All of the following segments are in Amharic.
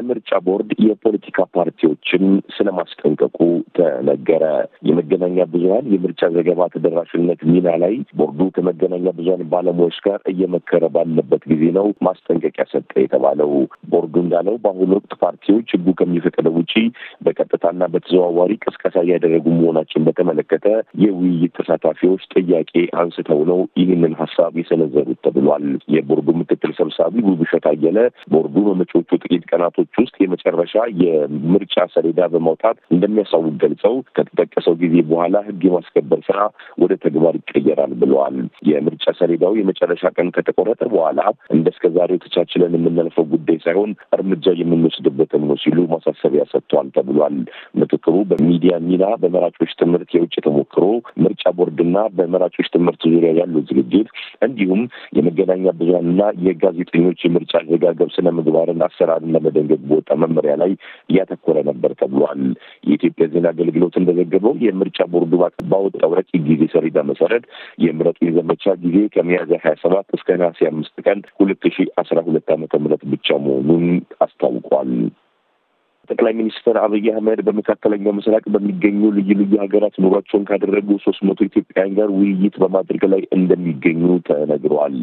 የምርጫ ቦርድ የፖለቲካ ፓርቲዎችን ስለማስጠንቀቁ ተነገረ። የመገናኛ ብዙሀን የምርጫ ዘገባ ተደራሽነት ሚና ላይ ቦርዱ ከመገናኛ ብዙሀን ባለሙያዎች ጋር እየመከረ ባለበት ጊዜ ነው ማስጠንቀቂያ ሰጠ የተባለው። ቦርዱ እንዳለው በአሁኑ ወቅት ፓርቲዎች ህጉ ከሚፈቅደው ውጪ በቀጥታና በተዘዋዋሪ ቅስቀሳ እያደረጉ መሆናችን በተመለከተ የውይይት ተሳታፊዎች ጥያቄ አንስተው ነው ይህንን ሀሳብ የሰነዘሩት ተብሏል። የቦርዱ ምክትል ሰብሳቢ ውብሸት አየለ ቦርዱ በመጪዎቹ ጥቂት ቀናቶች ሀገሮች ውስጥ የመጨረሻ የምርጫ ሰሌዳ በማውጣት እንደሚያሳውቅ ገልጸው ከተጠቀሰው ጊዜ በኋላ ህግ የማስከበር ስራ ወደ ተግባር ይቀየራል ብለዋል። የምርጫ ሰሌዳው የመጨረሻ ቀን ከተቆረጠ በኋላ እንደ ዛሬው ተቻችለን የምናልፈው ጉዳይ ሳይሆን እርምጃ የምንወስድበትም ነው ሲሉ ማሳሰቢያ ሰጥቷል ተብሏል። ምክክሩ በሚዲያ ሚና፣ በመራጮች ትምህርት የውጭ ተሞክሮ፣ ምርጫ ቦርድና በመራጮች ትምህርት ዙሪያ ያለው ዝግጅት እንዲሁም የመገናኛ ብዙሃንና የጋዜጠኞች የምርጫ አዘጋገብ ስነ ምግባርን አሰራርን ለመደንገግ በወጣ መመሪያ ላይ እያተኮረ ነበር ተብሏል። የኢትዮጵያ ዜና አገልግሎት እንደዘገበው የምርጫ ቦርዱ ባወጣው ረቂቅ ጊዜ ሰሌዳ መሰረት የምረጡኝ ዘመቻ ጊዜ ከሚያዝያ ሀያ ሰባት እስከ ነሐሴ አምስት ቀን ሁለት ሺ አስራ ሁለት ዓመተ ምህረት ብቻ መሆኑን አስታውቋል። ጠቅላይ ሚኒስትር አብይ አህመድ በመካከለኛው ምስራቅ በሚገኙ ልዩ ልዩ ሀገራት ኑሯቸውን ካደረጉ ሶስት መቶ ኢትዮጵያውያን ጋር ውይይት በማድረግ ላይ እንደሚገኙ ተነግረዋል።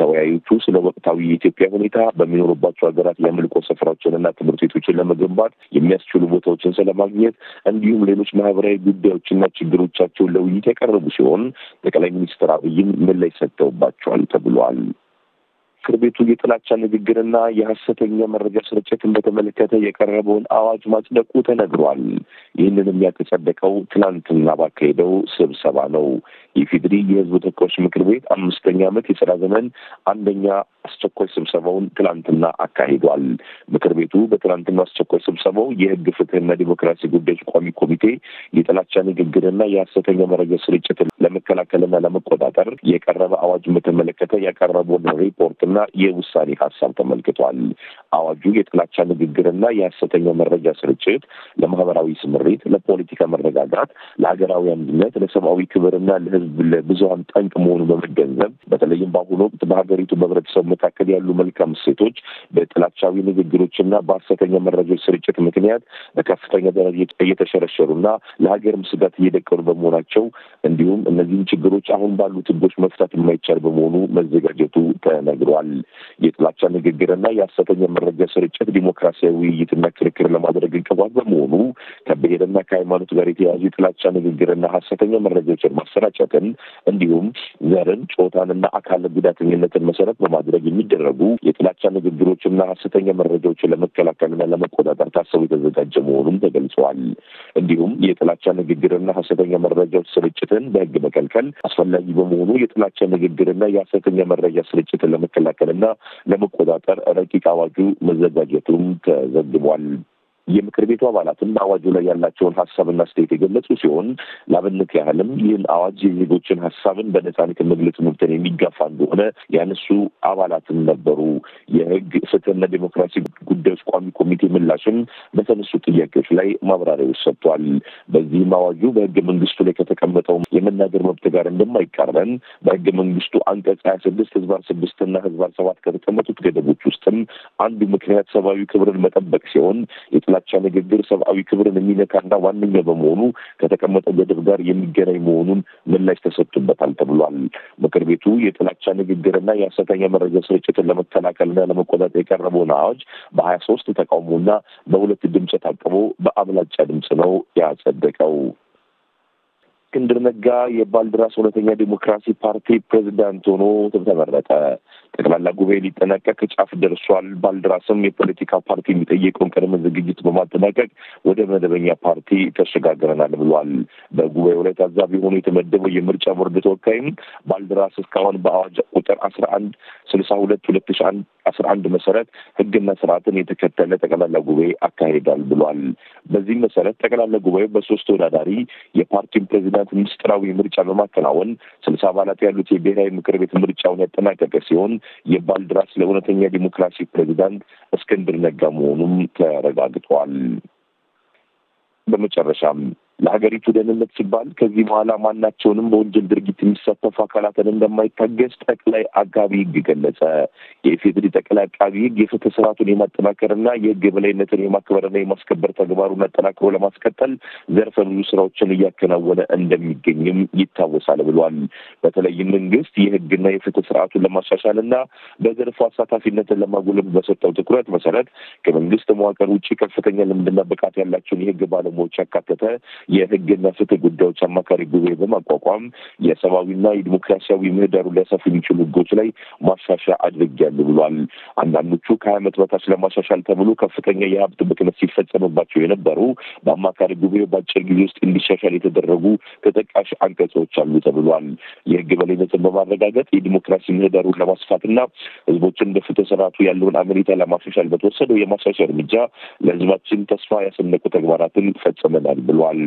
ተወያዮቹ ስለ ወቅታዊ የኢትዮጵያ ሁኔታ፣ በሚኖሩባቸው ሀገራት የአምልኮ ስፍራዎችንና ትምህርት ቤቶችን ለመገንባት የሚያስችሉ ቦታዎችን ስለማግኘት እንዲሁም ሌሎች ማህበራዊ ጉዳዮችና ችግሮቻቸውን ለውይይት ያቀረቡ ሲሆን ጠቅላይ ሚኒስትር አብይም ምላሽ ሰጥተውባቸዋል ተብሏል። ምክር ቤቱ የጥላቻ ንግግርና የሀሰተኛ መረጃ ስርጭትን በተመለከተ የቀረበውን አዋጅ ማጽደቁ ተነግሯል። ይህንንም ያጸደቀው ትናንትና ባካሄደው ስብሰባ ነው። የኢፌዴሪ የህዝብ ተወካዮች ምክር ቤት አምስተኛ ዓመት የስራ ዘመን አንደኛ አስቸኳይ ስብሰባውን ትናንትና አካሂዷል። ምክር ቤቱ በትላንትና አስቸኳይ ስብሰባው የህግ ፍትህና ዲሞክራሲ ጉዳዮች ቋሚ ኮሚቴ የጥላቻ ንግግርና የሀሰተኛ መረጃ ስርጭትን ለመከላከልና ለመቆጣጠር የቀረበ አዋጅ በተመለከተ ያቀረበውን ሪፖርት እና የውሳኔ ሀሳብ ተመልክቷል። አዋጁ የጥላቻ ንግግርና የሀሰተኛው መረጃ ስርጭት ለማህበራዊ ስምሪት፣ ለፖለቲካ መረጋጋት፣ ለሀገራዊ አንድነት፣ ለሰብአዊ ክብርና ለህዝብ ለብዙሀን ጠንቅ መሆኑ በመገንዘብ በተለይም በአሁኑ ወቅት በሀገሪቱ በህብረተሰቡ መካከል ያሉ መልካም እሴቶች በጥላቻዊ ንግግሮችና በሀሰተኛ መረጃዎች ስርጭት ምክንያት በከፍተኛ ደረጃ እየተሸረሸሩና ለሀገርም ስጋት እየደቀኑ በመሆናቸው እንዲሁም እነዚህም ችግሮች አሁን ባሉት ህጎች መፍታት የማይቻል በመሆኑ መዘጋጀቱ ተነግሯል። የጥላቻ ንግግርና የሀሰተኛ መረጃ ስርጭት ዲሞክራሲያዊ ውይይትና ክርክር ለማድረግ እንቅፋት በመሆኑ በመሆኑ ከብሔርና ከሃይማኖት ጋር የተያዙ የጥላቻ ንግግርና ሀሰተኛ መረጃዎችን ማሰራጨትን እንዲሁም ዘርን፣ ጾታንና አካል ጉዳተኝነትን መሰረት በማድረግ የሚደረጉ የጥላቻ ንግግሮችና ሀሰተኛ መረጃዎችን ለመከላከልና ለመቆጣጠር ታስቦ የተዘጋጀ መሆኑም ተገልጸዋል። እንዲሁም የጥላቻ ንግግርና ሀሰተኛ መረጃዎች ስርጭትን በህግ መከልከል አስፈላጊ በመሆኑ የጥላቻ ንግግርና የሀሰተኛ መረጃ ስርጭትን ለመከላከልና ለመቆጣጠር ረቂቅ አዋጁ መዘጋጀቱም ተዘግቧል። የምክር ቤቱ አባላትም በአዋጁ ላይ ያላቸውን ሀሳብና አስተያየት የገለጹ ሲሆን ለአብነት ያህልም ይህን አዋጅ የዜጎችን ሀሳብን በነጻነት የመግለጽ መብትን የሚጋፋ እንደሆነ ያነሱ አባላትም ነበሩ። የህግ ፍትህና ዴሞክራሲ ጉዳዮች ቋሚ ኮሚቴ ምላሽም በተነሱ ጥያቄዎች ላይ ማብራሪያዎች ሰጥቷል። በዚህም አዋጁ በህገ መንግስቱ ላይ ከተቀመጠው የመናገር መብት ጋር እንደማይቃረን በህገ መንግስቱ አንቀጽ ሀያ ስድስት ህዝባር ስድስት እና ህዝባር ሰባት ከተቀመጡት ገደቦች ውስጥም አንዱ ምክንያት ሰብአዊ ክብርን መጠበቅ ሲሆን የጥላ የጥላቻ ንግግር ሰብአዊ ክብርን የሚነካና ዋነኛ በመሆኑ ከተቀመጠው ገደብ ጋር የሚገናኝ መሆኑን ምላሽ ተሰጥቶበታል ተብሏል። ምክር ቤቱ የጥላቻ ንግግርና የሀሰተኛ መረጃ ስርጭትን ለመከላከልና ለመቆጣጠር የቀረበውን አዋጅ በሀያ ሶስት ተቃውሞና በሁለት ድምፅ ታቅቦ በአብላጫ ድምፅ ነው ያጸደቀው። እስክንድር ነጋ የባልድራስ እውነተኛ ዲሞክራሲ ፓርቲ ፕሬዚዳንት ሆኖ ተመረጠ። ጠቅላላ ጉባኤ ሊጠናቀቅ ጫፍ ደርሷል። ባልደራስም የፖለቲካ ፓርቲ የሚጠየቀውን ቅድመ ዝግጅት በማጠናቀቅ ወደ መደበኛ ፓርቲ ተሸጋግረናል ብሏል። በጉባኤው ላይ ታዛቢ ሆኖ የተመደበው የምርጫ ቦርድ ተወካይም ባልደራስ እስካሁን በአዋጅ ቁጥር አስራ አንድ ስልሳ ሁለት ሁለት ሺ አንድ አስራ አንድ መሰረት ህግና ስርዓትን የተከተለ ጠቅላላ ጉባኤ አካሂዳል ብሏል። በዚህም መሰረት ጠቅላላ ጉባኤው በሶስት ተወዳዳሪ የፓርቲውን ፕሬዚዳንት ምስጢራዊ ምርጫ በማከናወን ስልሳ አባላት ያሉት የብሔራዊ ምክር ቤት ምርጫውን ያጠናቀቀ ሲሆን የባልድራስ ለእውነተኛ ዲሞክራሲ ፕሬዚዳንት እስክንድር ነጋ መሆኑም ተረጋግጧል። በመጨረሻም ለሀገሪቱ ደህንነት ሲባል ከዚህ በኋላ ማናቸውንም በወንጀል ድርጊት የሚሳተፉ አካላትን እንደማይታገስ ጠቅላይ አቃቢ ህግ ገለጸ። የኢፌድሪ ጠቅላይ አቃቢ ህግ የፍትህ ስርዓቱን የማጠናከርና የህግ የበላይነትን የማክበርና የማስከበር ተግባሩን አጠናክሮ ለማስቀጠል ዘርፈ ብዙ ስራዎችን እያከናወነ እንደሚገኝም ይታወሳል ብሏል። በተለይም መንግስት የህግና የፍትህ ስርዓቱን ለማሻሻልና በዘርፉ አሳታፊነትን ለማጎልበት በሰጠው ትኩረት መሰረት ከመንግስት መዋቅር ውጭ ከፍተኛ ልምድና ብቃት ያላቸውን የህግ ባለሙያዎች ያካተተ የህግና ፍትህ ጉዳዮች አማካሪ ጉባኤ በማቋቋም የሰብአዊና የዲሞክራሲያዊ ምህዳሩ ሊያሰፉ የሚችሉ ህጎች ላይ ማሻሻያ አድርጌያለሁ ብሏል። አንዳንዶቹ ከሀያ ዓመት በታች ለማሻሻል ተብሎ ከፍተኛ የሀብት ብክነት ሲፈጸምባቸው የነበሩ በአማካሪ ጉባኤ በአጭር ጊዜ ውስጥ እንዲሻሻል የተደረጉ ተጠቃሽ አንቀጾች አሉ ተብሏል። የህግ በላይነትን በማረጋገጥ የዲሞክራሲ ምህዳሩን ለማስፋትና ህዝቦችን በፍትህ ስርዓቱ ያለውን አመኔታ ለማሻሻል በተወሰደው የማሻሻያ እርምጃ ለህዝባችን ተስፋ ያሰነቁ ተግባራትን ፈጽመናል ብሏል።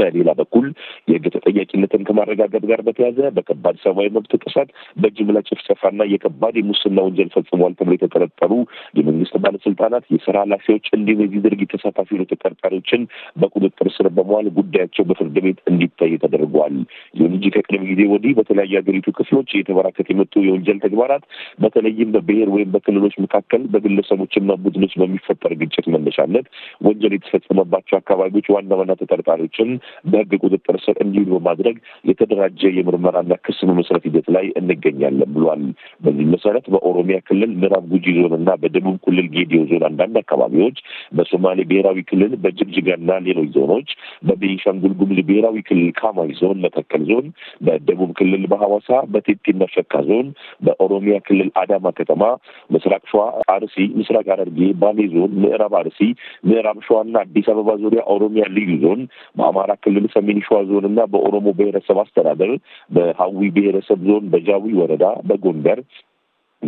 በሌላ በኩል የህግ ተጠያቂነትን ከማረጋገጥ ጋር በተያዘ በከባድ ሰብአዊ መብት ጥሰት፣ በጅምላ ጭፍጨፋና የከባድ የሙስና ወንጀል ፈጽሟል ተብሎ የተጠረጠሩ የመንግስት ባለስልጣናት፣ የስራ ኃላፊዎች እንዲሁም የዚህ ድርጊት ተሳታፊ የሆኑ ተጠርጣሪዎችን በቁጥጥር ስር በመዋል ጉዳያቸው በፍርድ ቤት እንዲታይ ተደርጓል። ይሁን እንጂ ከቅድም ጊዜ ወዲህ በተለያዩ ሀገሪቱ ክፍሎች እየተበራከት የመጡ የወንጀል ተግባራት በተለይም በብሔር ወይም በክልሎች መካከል በግለሰቦችና ቡድኖች በሚፈጠር ግጭት መነሻነት ወንጀል የተፈጸመባቸው አካባቢዎች ዋና ዋና ተጠርጣሪዎችን በህግ ቁጥጥር ስር እንዲውሉ በማድረግ የተደራጀ የምርመራና ክስ መመስረት ሂደት ላይ እንገኛለን ብሏል። በዚህ መሰረት በኦሮሚያ ክልል ምዕራብ ጉጂ ዞንና በደቡብ ክልል ጌዲዮ ዞን አንዳንድ አካባቢዎች፣ በሶማሌ ብሔራዊ ክልል በጅግጅጋና ሌሎች ዞኖች፣ በቤንሻንጉል ጉሙዝ ብሔራዊ ክልል ካማይ ዞን፣ መተከል ዞን፣ በደቡብ ክልል በሐዋሳ በቴቴና ሸካ ዞን፣ በኦሮሚያ ክልል አዳማ ከተማ፣ ምስራቅ ሸዋ አርሲ፣ ምስራቅ አረርጌ ባሌ ዞን፣ ምዕራብ አርሲ፣ ምዕራብ ሸዋና አዲስ አበባ ዙሪያ ኦሮሚያ ልዩ ዞን፣ በአማራ በአማራ ክልል ሰሜን ሸዋ ዞን እና በኦሮሞ ብሔረሰብ አስተዳደር በሀዊ ብሔረሰብ ዞን በጃዊ ወረዳ በጎንደር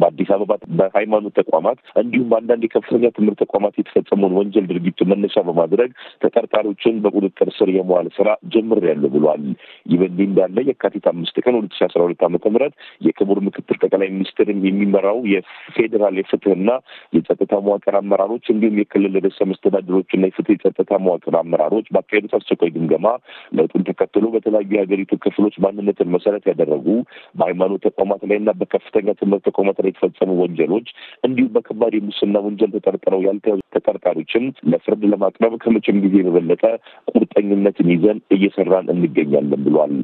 በአዲስ አበባ በሃይማኖት ተቋማት እንዲሁም በአንዳንድ የከፍተኛ ትምህርት ተቋማት የተፈጸመውን ወንጀል ድርጊት መነሻ በማድረግ ተጠርጣሪዎችን በቁጥጥር ስር የመዋል ስራ ጀምር ያለው ብሏል። ይህ በእንዲህ እንዳለ የካቲት አምስት ቀን ሁለት ሺ አስራ ሁለት ዓመተ ምህረት የክቡር ምክትል ጠቅላይ ሚኒስትር የሚመራው የፌዴራል የፍትህና የጸጥታ መዋቅር አመራሮች እንዲሁም የክልል ርዕሰ መስተዳድሮችና የፍትህ የጸጥታ መዋቅር አመራሮች ባካሄዱት አስቸኳይ ግምገማ ለውጡን ተከትሎ በተለያዩ የሀገሪቱ ክፍሎች ማንነትን መሰረት ያደረጉ በሃይማኖት ተቋማት ላይና በከፍተኛ ትምህርት ተቋማት ላይ የተፈጸሙ ወንጀሎች እንዲሁም በከባድ የሙስና ወንጀል ተጠርጥረው ያልተያዙ ተጠርጣሪዎችን ለፍርድ ለማቅረብ ከመቼም ጊዜ የበለጠ ቁርጠኝነትን ይዘን እየሰራን እንገኛለን ብሎ ብሏል።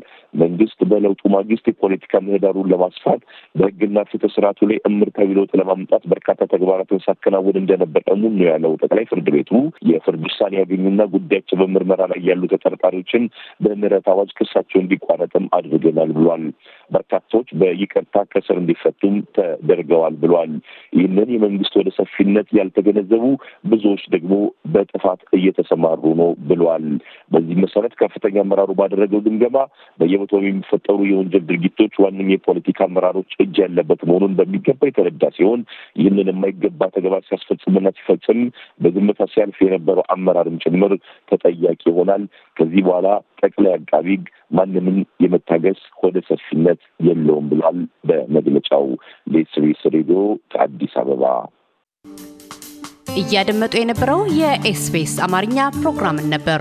መንግስት በለውጡ ማግስት የፖለቲካ ምህዳሩን ለማስፋት በህግና ፍትህ ስርዓቱ ላይ እምርታዊ ለውጥ ለማምጣት በርካታ ተግባራትን ሳከናወን እንደነበር እሙን ነው ያለው ጠቅላይ ፍርድ ቤቱ የፍርድ ውሳኔ ያገኙና ጉዳያቸው በምርመራ ላይ ያሉ ተጠርጣሪዎችን በምህረት አዋጅ ክሳቸው እንዲቋረጥም አድርገናል ብሏል። በርካታዎች በይቅርታ ከስር እንዲፈቱም ተደርገዋል ብሏል። ይህንን የመንግስት ወደ ሰፊነት ያልተገነዘቡ ብዙዎች ደግሞ በጥፋት እየተሰማሩ ነው ብሏል። በዚህ መሰረት ከፍተኛ አመራሩ ባደረገው ግምገማ በየቦታው የሚፈ በሚፈጠሩ የወንጀል ድርጊቶች ዋንም የፖለቲካ አመራሮች እጅ ያለበት መሆኑን በሚገባ የተረዳ ሲሆን ይህንን የማይገባ ተግባር ሲያስፈጽምና ሲፈጽም በዝምታ ሲያልፍ የነበረው አመራርም ጭምር ተጠያቂ ይሆናል። ከዚህ በኋላ ጠቅላይ አቃቢ ሕግ ማንንም የመታገስ ሆደ ሰፊነት የለውም ብሏል በመግለጫው። ለኤስቢኤስ ሬዲዮ ከአዲስ አበባ እያደመጡ የነበረው የኤስቢኤስ አማርኛ ፕሮግራምን ነበር።